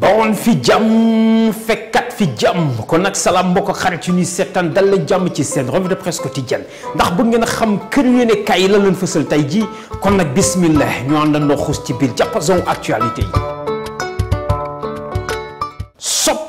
bawoon fi jàmm fekkat fi jàmm kon nag salaam mbokk xarit ci ñuy setan dal la jàmm ci seen revue de presse quotidienne ndax bu ngeen a xam kër yéene kaay la leen fësal tey jii kon nag bismillah ñu àndandoo xuus ci biir jàppazon actualité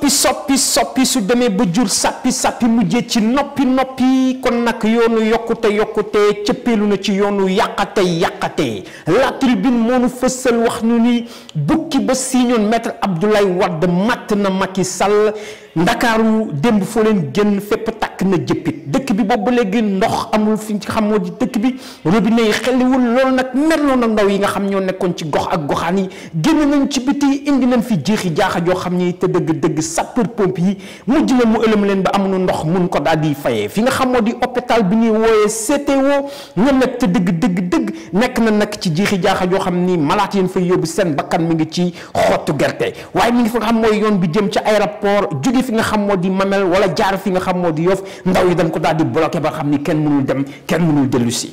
soppi soppi soppi su demee ba jur sàppi sàppi mujjee ci noppi noppi kon nag yoonu yokkute yokkute cëppeelu na ci yoonu yàqate yàqate la tribune moo nu fësal wax nu ni bukki ba siiñoon maître Abdoulaye Wade matt na Macky Sall ndakaaru démb foo leen génn fépp lakk na jëppit dëkk bi boobu ba léegi ndox amul fi xam xamoo di dëkk bi robinet yi xelliwul loolu nag merloo na ndaw yi nga xam ñoo nekkoon ci gox ak goxaan yi génn nañ ci biti indi nañ fi jeexi jaaxa joo xam ni te dëgg dëgg sapeur pompe yi mujj na mu ëlëm leen ba amuñu ndox mun ko daal di fayee fi nga xamoo di hôpital bi ñuy wooyee CTO nga nag te dëgg dëgg dëgg nekk na nag ci jeexi jaaxa joo xam ni malaat yéen fay yóbbu seen bakkan mi ngi ci xottu gerte waaye mi ngi fi nga xam mooy yoon bi jëm ci aéroport jóge fi nga xam moo di mamel wala jaar fi nga xam moo di yof ndaw yi dem ko daal di bloqué ba xam ni kenn mënul dem kenn mënul dellu si.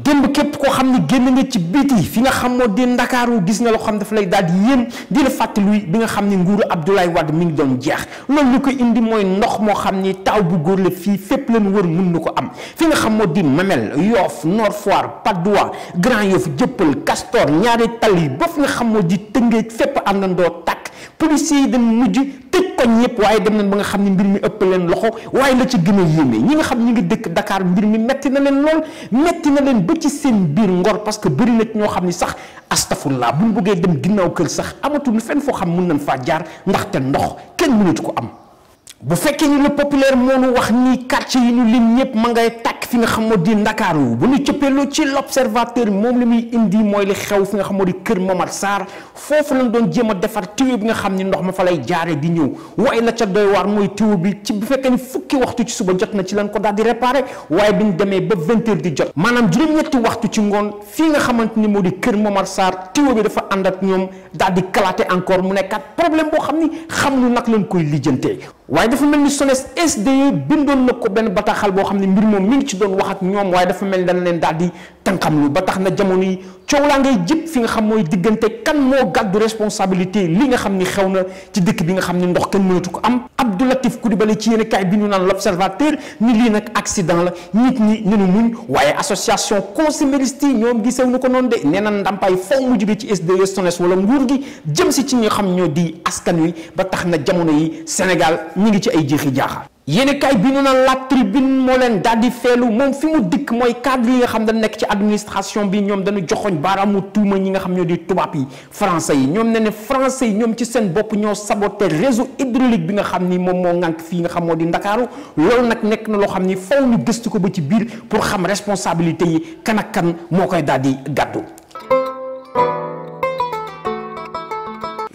démb képp koo xam ne génn nga ci yi fi nga xam moo di ndakaaru gis nga loo xam dafa lay daal di yéem di la fàttali bi nga xam ne nguuru Abdoulaye Wade mi ngi doon jeex loolu lu ko indi mooy ndox moo xam ni taw bu góor la fii fépp leen wër mun na ko am fi nga xam moo di Mamel Yoff Nord Foire Patte d'Oie Grand Yoff Jëppal Castor ñaari tali ba fi nga xam moo di Tëngéej fépp àndandoo takk policiers yi dañ mujj tëj koñ yëpp waaye dem nañ ba nga xam ni mbir mi ëpp leen loxo waaye la ci gën a yéeme ñi nga xam ñi ngi dëkk dakaar mbir mi metti na leen lool metti na leen ba ci seen biir ngor parce que bëri na ñoo xam ni sax astafurlaa bu ñu bëggee dem ginnaaw kër sax amatul fenn foo xam mun nañ faa jaar ndaxte ndox kenn mënatu ko am. bu fekkee ni le populaire moonu wax ni quartier yi ñu lim ñëpp ma ngay tàkk fi nga xam moo di ndakaaru bu ñu lu ci l'observateur moom li muy indi mooy li xew fi nga xam moo di kër Momar saar foofu lañ doon jéem a defar tuyau bi nga xam ni ndox ma fa lay jaare di ñëw waaye la ca doy waar mooy tuyau bi ci bu fekkee ni fukki waxtu ci suba jot na ci lañ ko daal di réparé waaye bi demee ba vingt di jot maanaam juróom-ñetti waxtu ci ngoon fii nga xamante ni moo di kër Momar Sarr tuyau bi dafa ànd ak ñoom daal di kalaate encore mu nekkaat problème boo xam ni xam lu nag lañ koy lijjantee waaye dafa mel ni SONES SDE bindoon na ko benn bataaxal boo xam ne mbir moom mi ngi ci doon wax ak ñoom waaye dafa mel ni leen daal di tànqam lu ba tax na jamono yi coow laa ngay jëpp fi nga xam mooy diggante kan moo gàddu responsabilité li nga xam ni xew na ci dëkk bi nga xam ni ndox kenn mënatu ko am Abdou Latif Coulibaly ci yéen kaay bi ñu naan l'observateur ni lii nag accident la nit ñi nenu muñ waaye association consumériste yi ñoom gisew ñu ko noonu de nee na ndàmpaay faw mu jóge ci SDE SONES wala nguur gi jëm si ci ñi nga xam ñoo di askan wi ba tax na jamono yi Sénégal ñi ngi ci ay jeexi jaaxaar yéen kay bi ñu naan la tribune moo leen daal di feelu moom fi mu dikk mooy cadre yi nga xam dañ nekk ci administration bi ñoom dañu joxoñ baaraamu tuuma ñi nga xam ñoo di tubaab yi français yi ñoom ne ne français yi ñoom ci seen bopp ñoo saboté réseau hydraulique bi nga xam ni moom moo ŋànk fii nga xam moo di ndakaaru loolu nag nekk na loo xam ni faw nu gëstu ko ba ci biir pour xam responsabilité yi kan kan moo koy daal di gàttu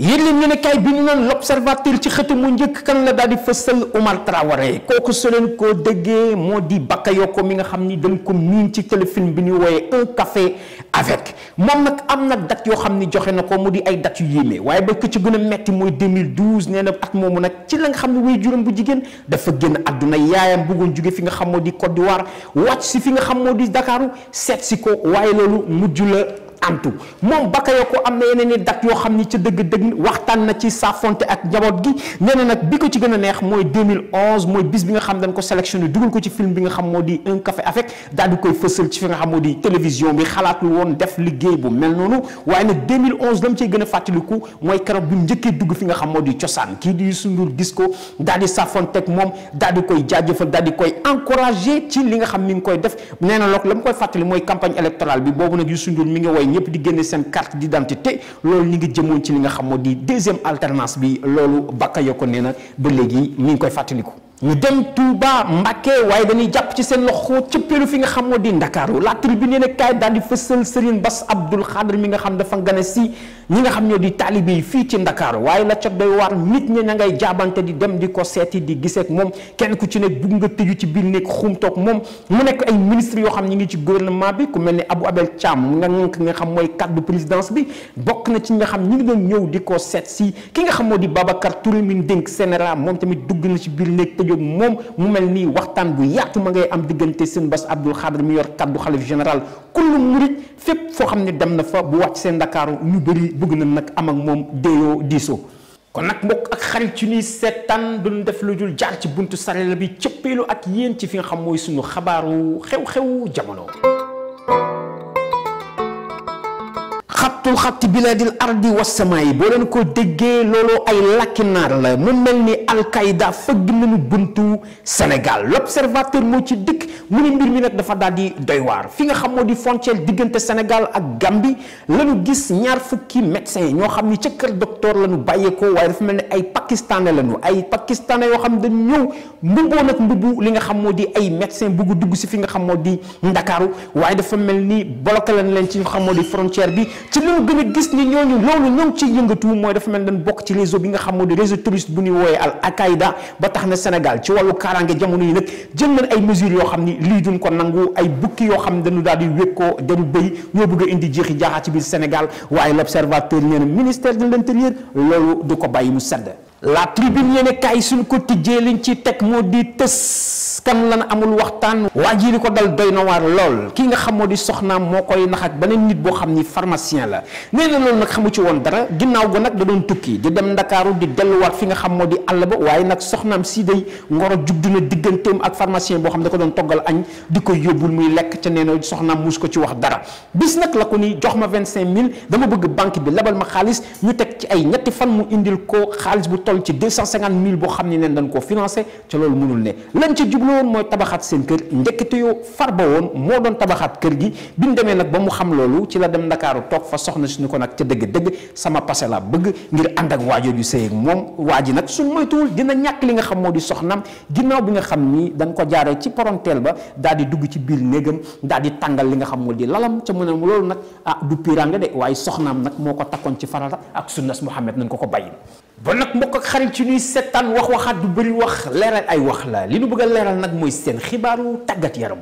yéen leen ñu ne kay bi ñu naan l'observateur ci xëta mu njëkk kan la daal di fësal Omar Traoré kooku su leen koo déggee moo di bakka Bakayoko mi nga xam ni dañ ko miin ci téléfilm bi ñu wooyee un café avec moom nag am nag date yoo xam ni joxe na ko mu di ay date yu yéeme waaye ba ko ci gën a metti mooy 2012 nee na at moomu nag ci la nga xam ne way juróom bu jigéen dafa génn àdduna yaayam bëggoon jóge fi nga xam moo di Côte d'Ivoire wàcc si fi nga xam moo di Dakaaru seet si ko waaye loolu mujj la antu moom Bakayoko am na yeneen dat yoo xam ni ca dëgg-dëgg waxtaan na ci saafonte ak njaboot gi nee na nag bi ko ci gën neex mooy 2011 mooy bis bi nga xam dañ ko sélectionné dugal nga xam moo di un café avec daal di koy fësal ci fi nga xam moo di télévision woon def liggéey noonu waaye nag 2011 la mu cey gën a fàttaliku mooy keroog bi dugg fi nga xam moo di cosaan kii di Youssou Ndour gis ko daal di saafonte ak moom daal di koy jaajëfal daal koy encouragé ci li nga xam mi ngi koy def nee na look la mu koy fàttali mooy campagne électorale bi boobu nag Youssou Ndour mi ngi woy ñëpp di génne sen carte d'identité loolu ñu ngi jëmoon ci li nga xam di deuxième alternance bi loolu Bakayoko néna ba légui mi ngi koy fàttaliku. ñu dem Touba Mbacké waaye dañuy jàpp ci sen loxo cëppeelu fi nga xam di Ndakaaru la tribune ne kay dal di fësal Serigne Bass Abdul Khadr mi nga xam dafa gane si ñi nga xam ñoo di taalibe yi fii ci Ndakaaru waaye la ca doy waar nit ñi na ngay jaabante di dem di ko seeti di giseek moom kenn ku ci nekk bugg nga tëju ci biir nekk xumtoog moom mu nekk ay ministre yoo xam ñi ngi ci gouvernement bi ku mel ni Abou nga ngànk nga xam mooy kaddu bi bokk na ci nga xam ñi ngi doon ñëw di ko seet ki nga xam moo di Babacar Touré min dénk sénéra moom tamit dugg na ci biir nekk tëjoog moom mu mel nii waxtaan bu yaatu ma ngay am diggante seen Bass Abdou Khadre mi yor kaddu xalif général kullu murit fépp foo xam ne dem na fa bu wàcc seen ndakaaru ñu bari bëgg na nag am ak moom déeyoo diisoo kon nag mbokk ak xarit ci ñuy seetaan duñ def lu dul jaar ci buntu Sarel bi cëppeelu ak yéen ci fi nga xam mooy suñu xabaaru xew-xew jamono. xabtul xabti bilaadil ardi wasamaa boo leen ko déggee looloo ay làkki naar la mu mel ni alkaïda fëgg nañu buntu Sénégal l'observateur moo ci dëkk mu ne mbir mi nag dafa daal di doy waar fi nga xam moo di frontière diggante Sénégal ak Gambie la ñu gis ñaar fukki médecin ñoo xam ni ca kër docteur la ñu bàyyeekoo waaye dafa mel ne ay pakistanais la ñu ay pakistanais yoo xam dañ ñëw mbuboo nag mbubu li nga xam moo di ay médecin bugg dugg si fi nga xam moo di Ndakaaru waaye dafa mel ni bloqué lañ leen ci nga xam moo di frontière bi ci li ñu gën a gis ni ñooñu loolu ñoo ngi ci yëngatu mooy dafa mel ne dañ bokk ci réseau bi nga xam moo di réseau touriste bu ñuy wooyee al Al Qaïda ba tax na Sénégal ci wàllu kaaraange jamono yi nag jël nañ ay mesures yoo xam ni lii duñ ko nangu ay bukki yoo xam ne dañu daal di wékkoo dañu béy ñoo bëgg a indi jeexi jaaxa ci biir Sénégal waaye l'observateur nee na ministère de l'intérieur loolu du ko bàyyi mu sedd la tribune yéen kaay suñ ko tijjee liñ ci teg moo di tës askan lan amul waxtaan waji liko dal doyna war lol ki nga xam modi soxna mo koy nax ak beneen nit bo xamni pharmacien la neena lol nak xamu ci won dara ginnaw go nak da doon tukki di dem dakaru di delluwaat fi nga xam modi di ba waye nak soxnam si day ngoro jubduna digeentem ak pharmacien bo xam da ko doon togal agn diko yobul muy lek ci neena na mus ko ci wax dara bis nak la ko ni jox ma 25000 dama bëgg banque bi lebal ma xaliss ñu tek ci ay ñetti fan mu indil ko xaliss bu toll ci 250000 bo xamni neen dañ ko financer ci lol mënul ne lan ci jublu woon mooy tabaxaat seen kër ndekkite yoo farba woon moo doon tabaxaat kër gi bi mu demee nag ba mu xam loolu ci la dem ndakaaru toog fa soxna suñu ko nag ca dëgg-dëgg sama passé la bëgg ngir ànd ak waajoo ju sëy ak moom waa ji nag su moytuwul dina ñàkk li nga xam moo di soxnam ginnaaw bi nga xam ni dañ ko jaaree ci poronteel ba daal di dugg ci biir néegam daal di tàngal li nga xam moo di lalam ca mu ne loolu nag ah du piiraanga waaye soxnaam nag moo ko takkoon ci farala ak sunnas Muhammad nañ ko ko bàyyi ba nag mbokk ak xarit ci ñuy seetaan wax waxaat du bëri wax leeral ay wax la li nu bëgg a leeral nag mooy seen xibaaru tàggat yaram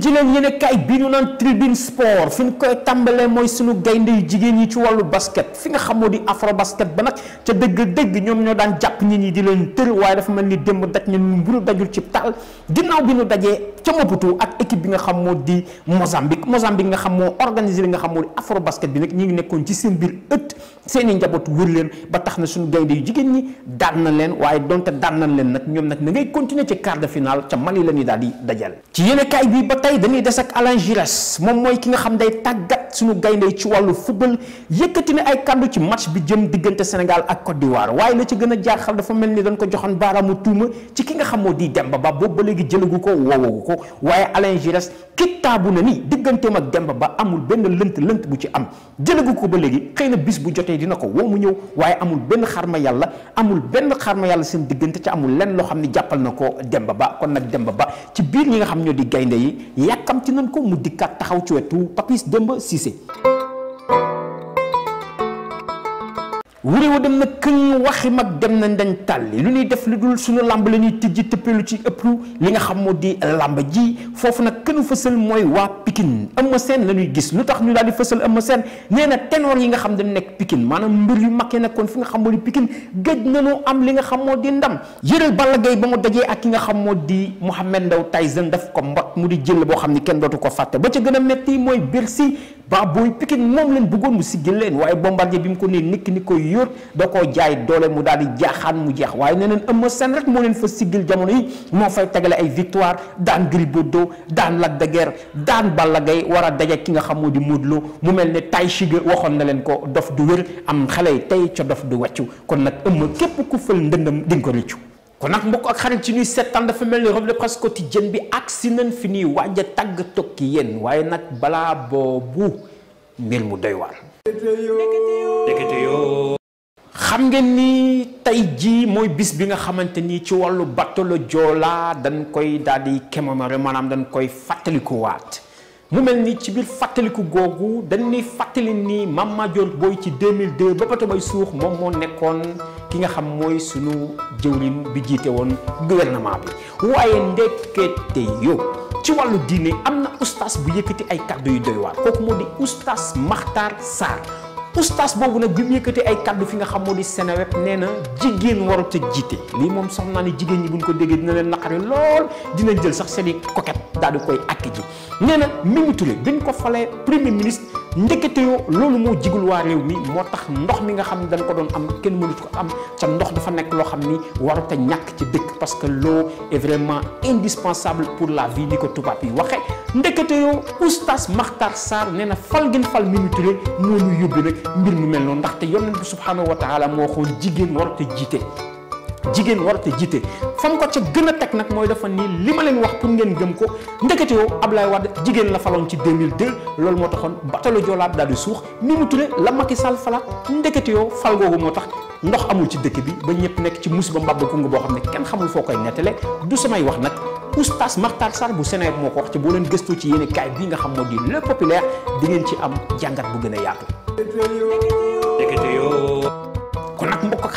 ngeen jëleen yéen kaay bi ñu naan tribune sport fi ñu koy tàmbalee mooy suñu gaynde yu jigéen yi ci wàllu basket fi nga xamoo di afro basket ba nag ca dëgg-dëgg ñoom ñoo daan jàpp nit ñi di leen tër waaye dafa mel ni démb daj na bu mburu dajul ci taal ginnaaw bi ñu dajee ca Maputo ak équipe bi nga xam moo di Mozambique Mozambique nga xam moo organisé li nga xam moo di afro basket bi nag ñi ngi nekkoon ci seen biir ëtt seeni njaboot wër leen ba tax na suñu gaynde yu jigéen ñi daan na leen waaye donte daan na leen nag ñoom nag na ngay continuer ci quart de finale ca Mali la ñuy daal di dajal ci yéene kaay bi ba tey dañuy des ak Alain Giresse moom mooy ki nga xam day tàggat suñu gaynde ci wàllu football yëkkati na ay kàddu ci match bi jëm diggante Sénégal ak Côte d'Ivoire waaye la ci gën a jaaxal dafa mel ni dañ ko joxoon baaraamu tuum ci ki nga xam moo di Demba Ba boobu ba léegi jëlagu ko woowagu ko waaye Alain Giresse kittaabu na ni digganteem ak Demba Ba amul benn lënt lënt bu ci am jëlagu ko ba léegi xëy na bis dina ko woo mu ñëw waaye amul benn ma yàlla amul benn ma yàlla seen diggante ca amul lenn loo xam ne jàppal na ko Demba Ba kon nag Demba Ba ci biir ñi nga xam ñoo di gaynde yi yàkkamti nañ ko mu dikkaat taxaw ci wetu Papis Demba Cissé wuréewa dem na këñ waxi mag dem nañ dañ tàlli lu ñuy def lu dul suñu làmb lañuy ñuy tijji tëppee ci ëpp li nga xam moo di làmb ji foofu nag kënu fësal mooy waa Pikine Eumeu Sène la ñuy gis lu tax ñu daal di fësal Eumeu Sène nee na ténor yi nga xam dañu nekk Pikine maanaam mbir yu mag yi nekkoon fi nga xam moo di Pikine gëj nañu am li nga xam moo di ndam yëral Balla Gaye ba mu dajee ak ki nga xam moo di Mouhamed Ndao Tyson daf ko mbot mu di jël boo xam ni kenn dootu ko fàtte ba ca gën a métti mooy Bercy ba booy Pikine moom leen bëggoon mu siggil leen waaye Bombardier bi mu ko nee nikki ni koy yóot da koo jaay doole mu daal di jaaxaan mu jeex waaye ne neen Eumeu Sène rek moo leen fa siggil jamono yi moo fay tegale ay victoire daan Gris Bordeaux daan Lac de daan Balla gay war a daje ki nga xam moo di Modou Lo mu mel ne tay shiga waxoon na leen ko dof du wér am xale yi tey ca dof du wàccu kon nag Eumeu képp ku fël ndëndam di nga ko rëccu kon nag mbokk ak xarit ci ñuy seetaan dafa mel ni revue de presse quotidienne bi ak si nañ fi ñuy waaj a tàgg tokki yéen waaye nag balaa boobu mbir mu doy waar xam ngeen ni tey jii mooy bis bi nga xamante ni ci wàllu bateau le Joola dañ koy daal di commémorer maanaam dañ koy fàttalikuwaat mu mel ni ci biir fàttaliku googu dañuy fàttali ni maam Madior Boye ci mille 2002 ba bato bay suux moom moo nekkoon ki nga xam mooy sunu jëwlin bi jiite woon gouvernement bi waaye ndekete yow ci wàllu diine am na ustaas bu yëkkati ay kàddu yu doy waar kooku moo di ustaas Makhtar Sarr oustaz boobu nag bi mu yëkkati ay kàddu fi nga xam moo di Seneweb nee na jigéen warut a jiite lii moom sax naa ne jigéen ñi buñ ko déggee dina leen naqari lool dina jël sax seeni coquette daal di koy àkk ji nee na Mimi Touré ko falee premier ministre ndekete yoo loolu moo jigul waa réew mi moo tax ndox mi nga xam ne dañ ko doon am kenn mënut ko am ca ndox dafa nekk loo xam ni warut a ñàkk ci dëkk parce que l'eau est vraiment indispensable pour la vie ni ko tubaab yi waxe ndekete yoo oustaz Makhtar Sarr nee na fal ngeen fal minuturé moo ñu yóbbu nag mbir mu mel noonu ndaxte yonent bi subhanahu wa taala moo xool jigéen warut a jiite jigéen warut a jiite fam ko ca gën a teg nag mooy dafa nii li ma leen wax pour ngeen gëm ko ndekete yow Ablaye Wade jigéen la faloon ci 2002 loolu moo taxoon batalo joolaat daal di suux ni mu tudde la Macky Sall falaat ndekete yow fal googu moo tax ndox amul ci dëkk bi ba ñëpp nekk ci musiba mbabba kungu boo xam ne kenn xamul foo koy nettale du samay wax nag oustaz Makhtar Sarr bu Sénégal moo ko wax ci boo leen gëstoo ci yéen kaay bii nga xam moo di le di ngeen ci am jàngat bu gën a yaatu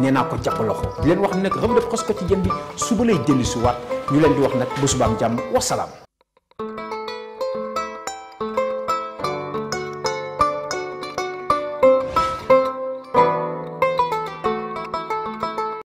nena ko jàpp loxo di len wax nag revue de ci jëm bi suba lay delisu wat ñu len di wax nak bu subaam jàmm wasalaam